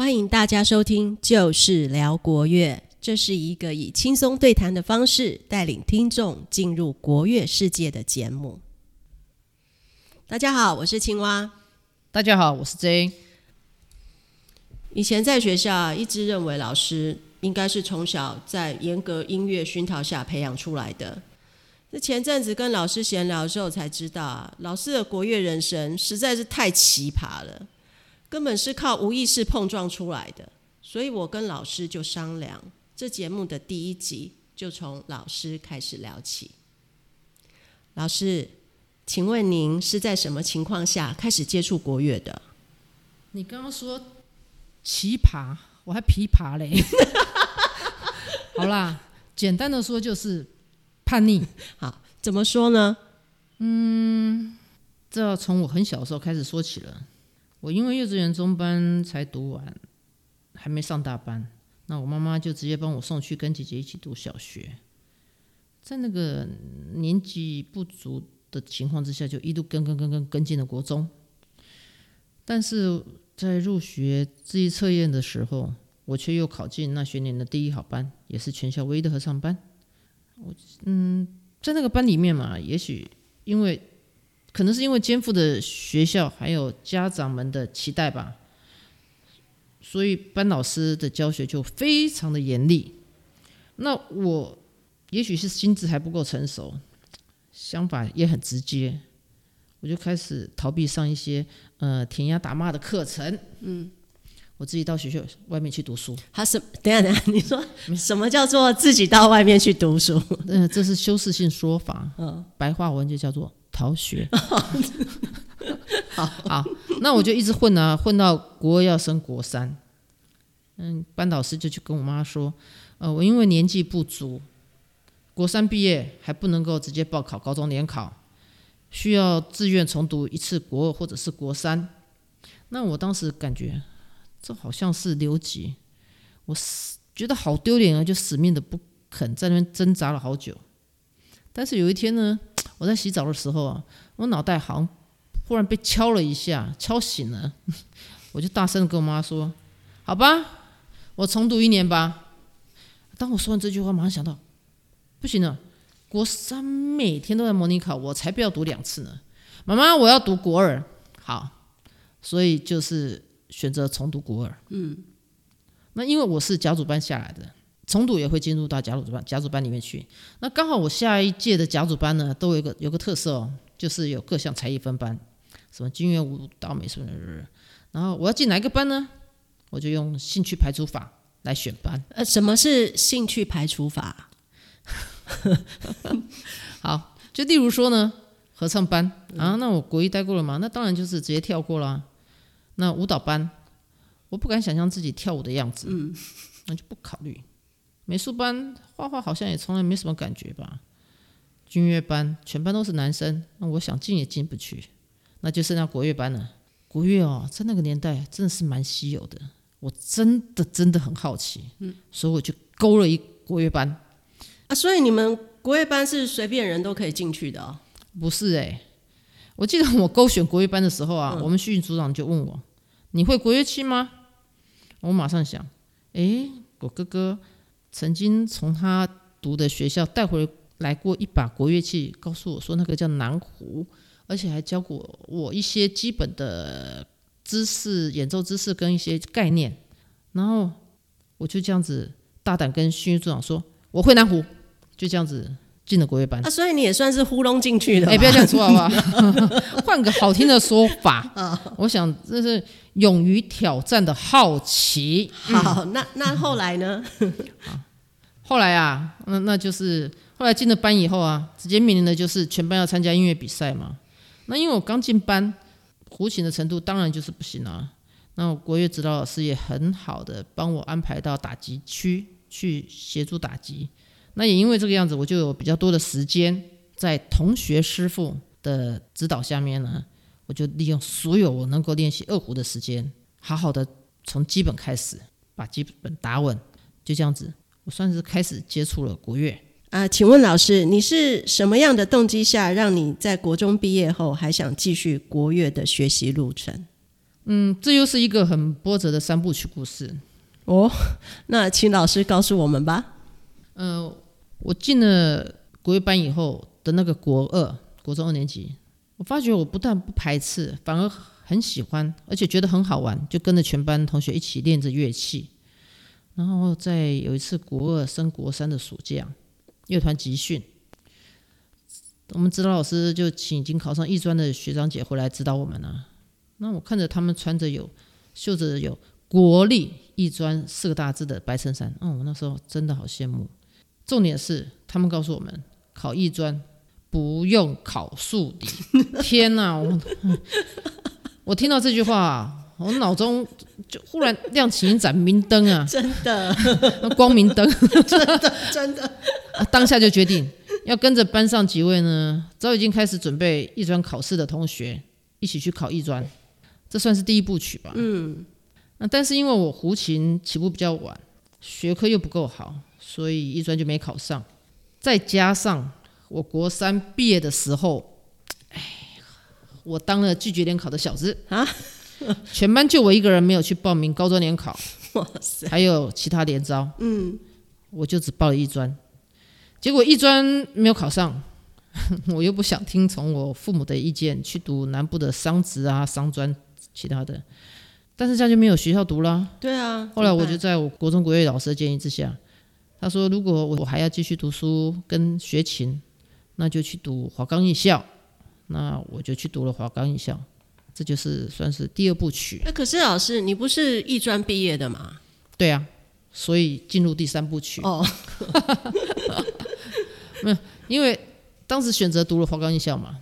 歡迎大家收聽《就是聊國樂》，這是一個以輕鬆對談的方式帶領聽眾進入國樂世界的節目。大家好，我是青蛙；大家好，我是 JA。以前在學校啊，一直認為老師應該是從小在嚴格音樂熏陶下培養出來的。這前陣子跟老師閒聊的時候才知道啊，老師的國樂人生實在是太奇葩了。根本是靠無意識碰撞出來的，所以我跟老師就商量，這節目的第一集就從老師開始聊起。老師，請問您是在什麼情況下開始接觸國樂的？你剛剛說，奇葩，我還琵琶嘞。 好啦，簡單的說就是叛逆。好，怎麼說呢？嗯，這要從我很小的時候開始說起了。我因為幼稚園中班才讀完，還沒上大班，那我媽媽就直接幫我送去跟姐姐一起讀小學，在那個年紀不足的情況之下，就一路跟跟跟跟跟進了國中，但是在入學智力測驗的時候，我卻又考進那學年的第一好班，也是全校唯一的合唱班。我嗯，在那個班裡面嘛，也許因為。可能是因為肩負的學校還有家長們的期待吧，所以班老師的教學就非常的嚴厲。那我也許是心智還不夠成熟，想法也很直接，我就開始逃避上一些呃填鴨打罵的課程。嗯，我自己到學校外面去讀書，嗯。他是，等下等下，你說什麼叫做自己到外面去讀書？嗯，這是修飾性說法。嗯，白話文就叫做。逃好學， 好好，那我就一直混啊，混到國二要升國三。嗯，班導師就去跟我媽說，呃，我因為年紀不足，國三畢業還不能夠直接報考高中聯考，需要自願重讀一次國二或者是國三。那我當時感覺這好像是留級，我是覺得好丟臉啊，就死命的不肯在那邊掙扎了好久。但是有一天呢，我在洗澡的時候啊，我腦袋好像忽然被敲了一下，敲醒了。我就大聲的跟我媽說：“好吧，我重讀一年吧。”當我說完這句話，馬上想到，不行了，國三每天都在模擬考，我才不要讀兩次呢。媽媽，我要讀國二。好，所以就是選擇重讀國二。嗯，那因為我是甲組班下來的。重讀也會進入到甲組班、甲組班裡面去。那剛好我下一屆的甲組班呢，都有一個有一個特色哦，就是有各項才藝分班，什麼音樂舞蹈、美術。然後我要進哪個班呢？我就用興趣排除法來選班。呃，什麼是興趣排除法？ 好，就例如說呢，合唱班啊，嗯、那我國一待過了嘛，那當然就是直接跳過了。那舞蹈班，我不敢想象自己跳舞的樣子，嗯、那就不考慮。美術班畫畫好像也從來沒什麼感覺吧？軍樂班全班都是男生，那我想進也進不去。那就剩下國樂班了。國樂哦，在那個年代真的是蠻稀有的。我真的真的很好奇，嗯，所以我就勾了一國樂班啊。所以你們國樂班是隨便人都可以進去的、哦？不是哎，欸，我記得我勾選國樂班的時候啊，嗯，我們訓練組、組長就問我：“你會國樂器嗎？”我馬上想：“哎，我哥哥。”曾經從他讀的學校帶回來過一把國樂器，告訴我說那個叫南胡，而且還教過我一些基本的知識、演奏知識跟一些概念，然後我就這樣子大膽跟訓育組長說：“我會南胡。”就這樣子。進了國樂班，啊，所以你也算是呼嚨進去的。哎、欸，不要這樣說好不好？換 個好聽的說法，好好，我想這是勇於挑戰的好奇。好，好，那那後來呢 ？後來啊，那那就是後來進了班以後啊，直接面臨的就是全班要參加音樂比賽嘛。那因為我剛進班，胡琴的程度當然就是不行啊。那我國樂指導老師也很好的幫我安排到打擊區去協助打擊。那也因為這個樣子，我就有比較多的時間，在同學師傅的指導下面呢，我就利用所有我能夠練習二胡的時間，好好的從基本開始，把基本打穩，就這樣子，我算是開始接觸了國樂啊。請問老師，你是什麼樣的動機下，讓你在國中畢業後還想繼續國樂的學習路程？嗯，這又是一個很波折的三部曲故事哦。那請老師告訴我們吧。嗯、呃。我進了國樂班以後的那個國二，國中二年級，我發覺我不但不排斥，反而很喜歡，而且覺得很好玩，就跟着全班同學一起練着樂器。然後在有一次國二升國三的暑假，樂團集訓，我們指導老師就請已經考上藝專的學長姐回來指導我們了，啊。那我看着他們穿着有繡着有國立藝專四個大字的白襯衫，嗯、哦，我那時候真的好羨慕。重點是，他們告訴我們考藝專不用考數理。 天哪、我！我聽到這句話，我腦中就忽然亮起一盞明燈啊！真的，那光明燈，真的真的當下就決定要跟着班上幾位呢，早已經開始準備藝專考試的同學一起去考藝專，嗯、這算是第一部曲吧。嗯。那、啊、但是因為我胡琴起步比較晚，學科又不夠好，所以藝專就沒考上，再加上我國三畢業的時候，哎，我當了拒絕聯考的小子啊，全班就我一個人沒有去報名高中聯考，哇塞，還有其他聯招，嗯，我就只報了藝專，結果藝專沒有考上，我又不想聽從我父母的意見去讀南部的商職啊、商專其他的，但是這樣就沒有學校讀了，對啊，後來我就在我國中國樂老師的建議之下。他說：“如果我我還要繼續讀書跟學琴，那就去讀華岡藝校。那我就去讀了華岡藝校，這就是算是第二部曲。可是老師，你不是藝專畢業的嗎？”“對啊，所以進入第三部曲。”“哦， 沒有，因為當時選擇讀了華岡藝校嘛。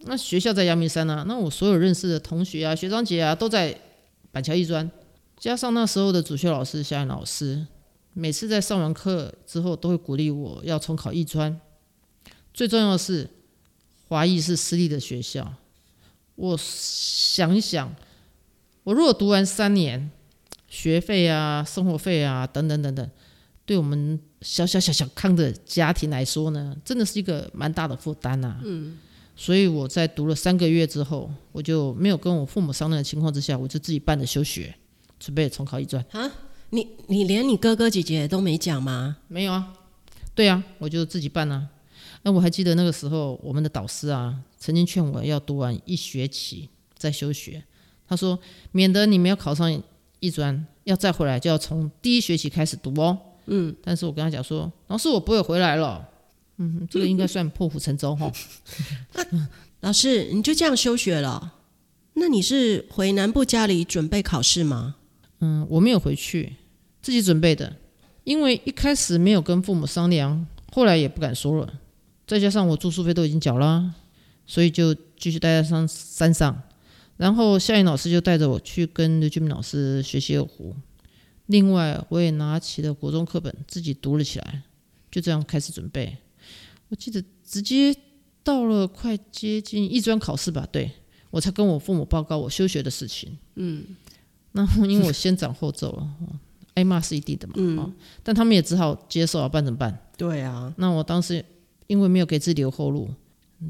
那學校在陽明山吶、啊。那我所有認識的同學啊、學長姐啊，都在板橋藝專，加上那時候的主修老師夏燕老師。老師”每次在上完課之後，都會鼓勵我要重考藝專。最重要的是，華藝是私立的學校。我想一想，我如果讀完三年，學費啊、生活費啊等等等等，對我們小小小小康的家庭來說呢，真的是一個蠻大的負擔吶、啊。嗯。所以我在讀了三個月之後，我就沒有跟我父母商量的情況之下，我就自己辦了休學，準備重考藝專。啊。你你連你哥哥姐姐都沒講嗎？沒有啊，對啊，我就自己辦吶、啊。那、呃、我還記得那個時候，我們的導師啊，曾經勸我要讀完一學期再休學。他說，免得你沒有考上一專，要再回來就要從第一學期開始讀哦。嗯，但是我跟他講說，老師我不會回來了。嗯，這個應該算破釜沉舟哈。老師你就這樣休學了？那你是回南部家裡準備考試嗎？嗯，我沒有回去。自己準備的，因為一開始沒有跟父母商量，後來也不敢說了，再加上我住宿費都已經繳了、啊，所以就繼續待在山山上。然後夏燕老師就帶着我去跟劉俊明老師學習二胡，另外我也拿起了國中課本自己讀了起來，就這樣開始準備。我記得直接到了快接近藝專考試吧，對，我才跟我父母報告我休學的事情。嗯，那因為我先斬後奏了。 被罵是一定的嘛？嗯、哦。但他們也只好接受啊，辦怎麼辦？對啊。那我當時因為沒有給自己留後路，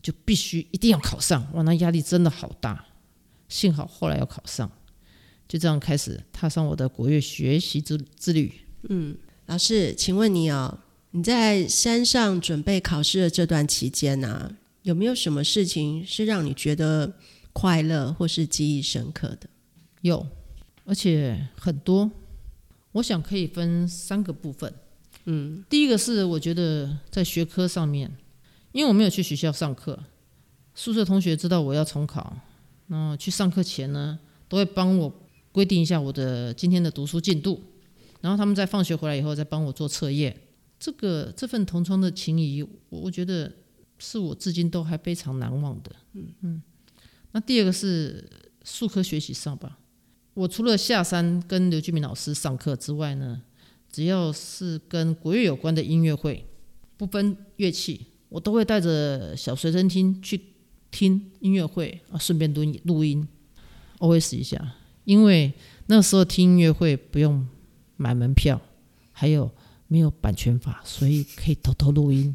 就必須一定要考上。哇，那壓力真的好大。幸好後來要考上，就這樣開始踏上我的國樂學習之之旅。嗯。老師，請問你啊、哦，你在山上準備考試的這段期間呢、啊，有沒有什麼事情是讓你覺得快樂或是記憶深刻的？有，而且很多。我想可以分三個部分。嗯，第一個是我覺得在學科上面，因為我沒有去學校上課，宿舍同學知道我要重考，那去上課前呢，都會幫我規定一下我的今天的讀書進度，然後他們在放學回來以後再幫我做測驗。這個這份同窗的情誼，我我覺得是我至今都還非常難忘的。嗯嗯，那第二個是術科學習上吧。我除了下山跟劉俊明老師上課之外呢，只要是跟國樂有關的音樂會，不分樂器，我都會帶着小隨身聽去聽音樂會啊，順便錄音錄音，OS 一下。因為那時候聽音樂會不用買門票，還有沒有版權法，所以可以偷偷錄音，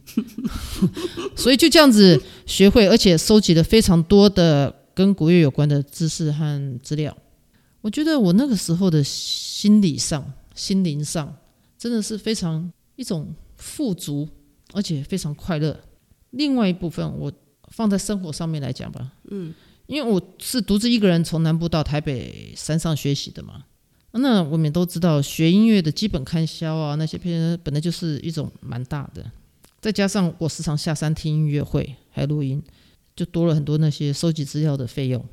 所以就這樣子學會，而且收集了非常多的跟國樂有關的知識和資料。我覺得我那個時候的心理上、心靈上，真的是非常一種富足，而且非常快樂。另外一部分，我放在生活上面來講吧，嗯，因為我是獨自一個人從南部到台北山上學習的嘛。那我們也都知道，學音樂的基本開銷啊，那些片本來就是一種蠻大的，再加上我時常下山聽音樂會，還錄音，就多了很多那些收集資料的費用。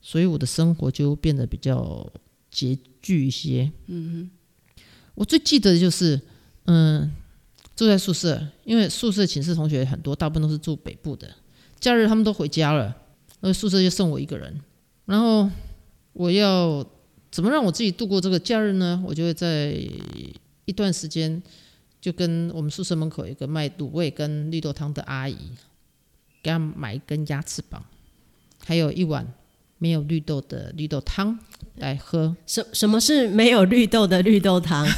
所以我的生活就變得比較拮據一些。嗯嗯。我最記得的就是，嗯，住在宿舍，因為宿舍寢室同學很多，大部分都是住北部的。假日他們都回家了，那宿舍就剩我一個人。然後我要怎麼讓我自己度過這個假日呢？我就會在一段時間，就跟我們宿舍門口一個賣滷味跟綠豆湯的阿姨，給她買一根鴨翅膀，還有一碗。沒有綠豆的綠豆湯來喝。什什麼是沒有綠豆的綠豆湯？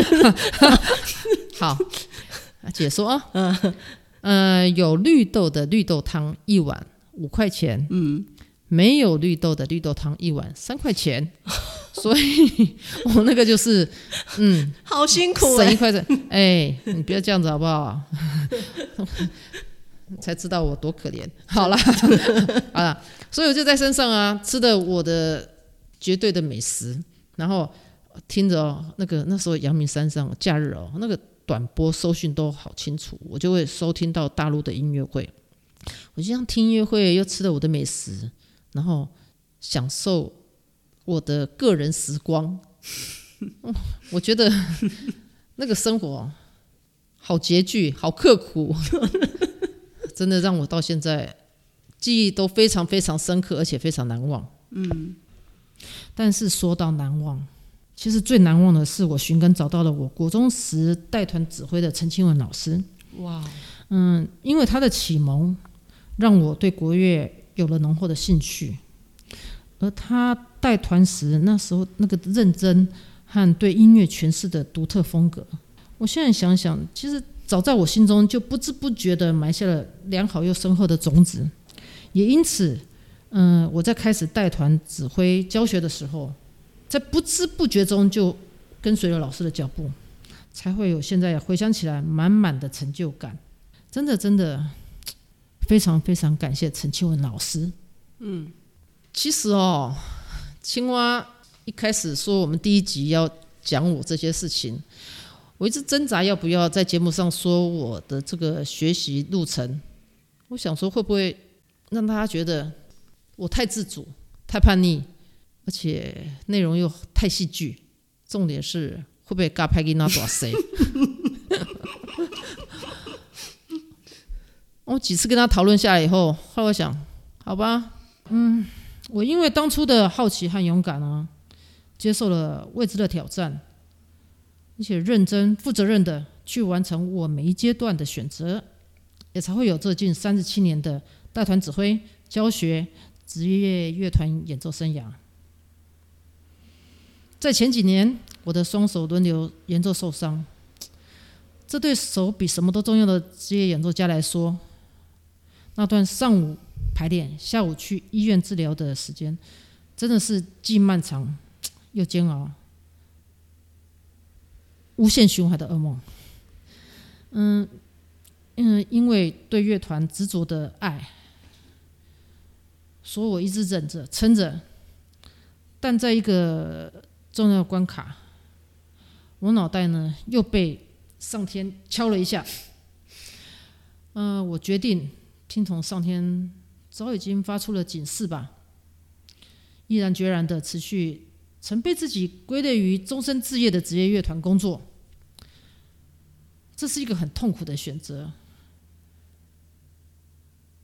好，解、啊、說啊，嗯，呃，有綠豆的綠豆湯一碗五塊錢，嗯，沒有綠豆的綠豆湯一碗三塊錢，所以我那個就是，嗯，好辛苦哎、欸，省一塊錢，哎，你不要這樣子好不好？ 才知道我多可憐。好了， 所以我就在山上啊，吃的我的絕對的美食，然後聽着、哦、那個那時候陽明山上假日哦，那個短波收訊都好清楚，我就會收聽到大陸的音樂會。我就像聽音樂會，又吃了我的美食，然後享受我的個人時光。我覺得那個生活好拮據，好刻苦。 真的讓我到現在記憶都非常非常深刻，而且非常難忘。嗯，但是說到難忘，其實最難忘的是我尋根找到了我國中時帶團指揮的陳清文老師。哇，嗯，因為他的啟蒙讓我對國樂有了濃厚的興趣，而他帶團時那時候那個認真和對音樂詮釋的獨特風格，我現在想想，其實。早在我心中就不知不覺的埋下了良好又深厚的種子，也因此，嗯、呃，我在開始帶團指揮教學的時候，在不知不覺中就跟隨了老師的腳步，才會有現在回想起來滿滿的成就感。真的，真的非常非常感謝陳慶文老師。嗯，其實哦，青蛙一開始說我們第一集要講我這些事情。我一直掙扎要不要在節目上說我的這個學習路程，我想說會不會讓大家覺得我太自主、太叛逆，而且內容又太戲劇，重點是會不會教壞囡仔大小？ 我幾次跟他討論下來以後，後來我想，好吧，嗯，我因為當初的好奇和勇敢啊，接受了未知的挑戰。並且認真、負責任地去完成我每一階段的選擇，也才會有這近三十七年的帶團指揮、教學、職業樂團演奏生涯。在前幾年，我的雙手輪流演奏受傷，這對手比什麼都重要的職業演奏家來說，那段上午排練、下午去醫院治療的時間，真的是既漫長又煎熬。無限循環的噩夢。嗯嗯，因為對樂團執着的愛，所以我一直忍着、撐着。但在一個重要關卡，我腦袋呢又被上天敲了一下。嗯，我決定聽從上天早已經發出了警示吧，毅然決然的辭去曾被自己歸類於終身職業的職業樂團工作。這是一個很痛苦的選擇，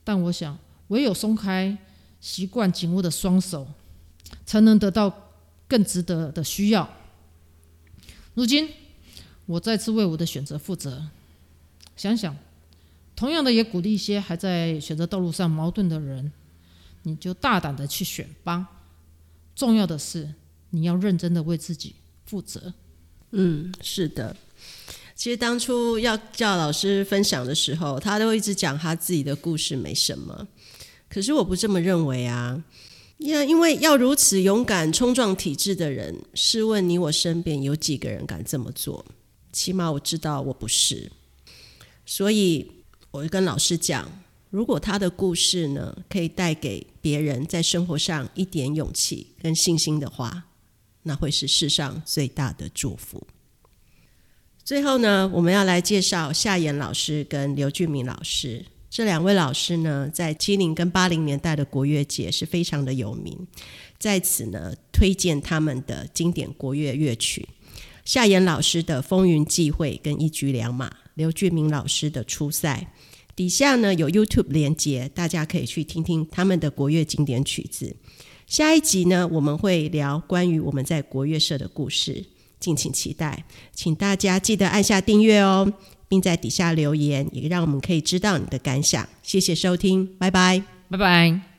但我想唯有鬆開習慣緊握的雙手，才能得到更值得的需要。如今，我再次為我的選擇負責。想想，同樣的也鼓勵一些還在選擇道路上矛盾的人，你就大膽的去選吧。重要的是，你要認真的為自己負責。嗯，是的。其實當初要叫老師分享的時候，他都一直講他自己的故事，沒什麼。可是我不這麼認為啊！因為要如此勇敢衝撞體制的人，試問你我身邊有幾個人敢這麼做？起碼我知道我不是。所以，我就跟老師講，如果他的故事呢，可以帶給別人在生活上一點勇氣跟信心的話，那會是世上最大的祝福。最後呢，我們要來介紹夏言老師跟劉俊明老師。這兩位老師呢，在七零跟八零年代的國樂界是非常的有名。在此呢，推薦他們的經典國樂樂曲：夏言老師的《風雲際會》跟《一車兩馬》，劉俊明老師的《出塞》。底下呢有 YouTube 連結，大家可以去聽聽他們的國樂經典曲子。下一集呢，我們會聊關於我們在國樂社的故事。敬請期待，請大家記得按下訂閱哦，並在底下留言，也讓我們可以知道你的感想。謝謝收聽，拜拜，拜拜。